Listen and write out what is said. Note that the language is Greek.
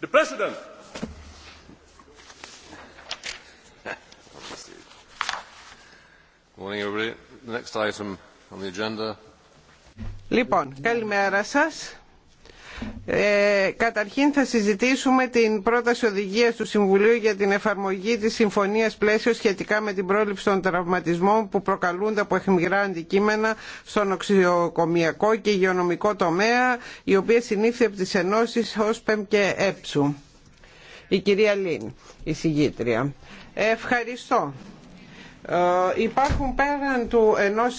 The President. Morning, everybody. The next item on the agenda. Λοιπόν, καλημέρα σας. Ε, καταρχήν θα συζητήσουμε την πρόταση οδηγίας του Συμβουλίου για την εφαρμογή της Συμφωνίας Πλαίσιο σχετικά με την πρόληψη των τραυματισμών που προκαλούνται από αιχμηρά αντικείμενα στον οξυοκομιακό και υγειονομικό τομέα, η οποία συνήθει από τις ενώσεις ΟΣΠΕΜ και ΕΠΣΟΥ. Η κυρία Λίν, η συγγήτρια. Ευχαριστώ. Ε, υπάρχουν πέραν του ενός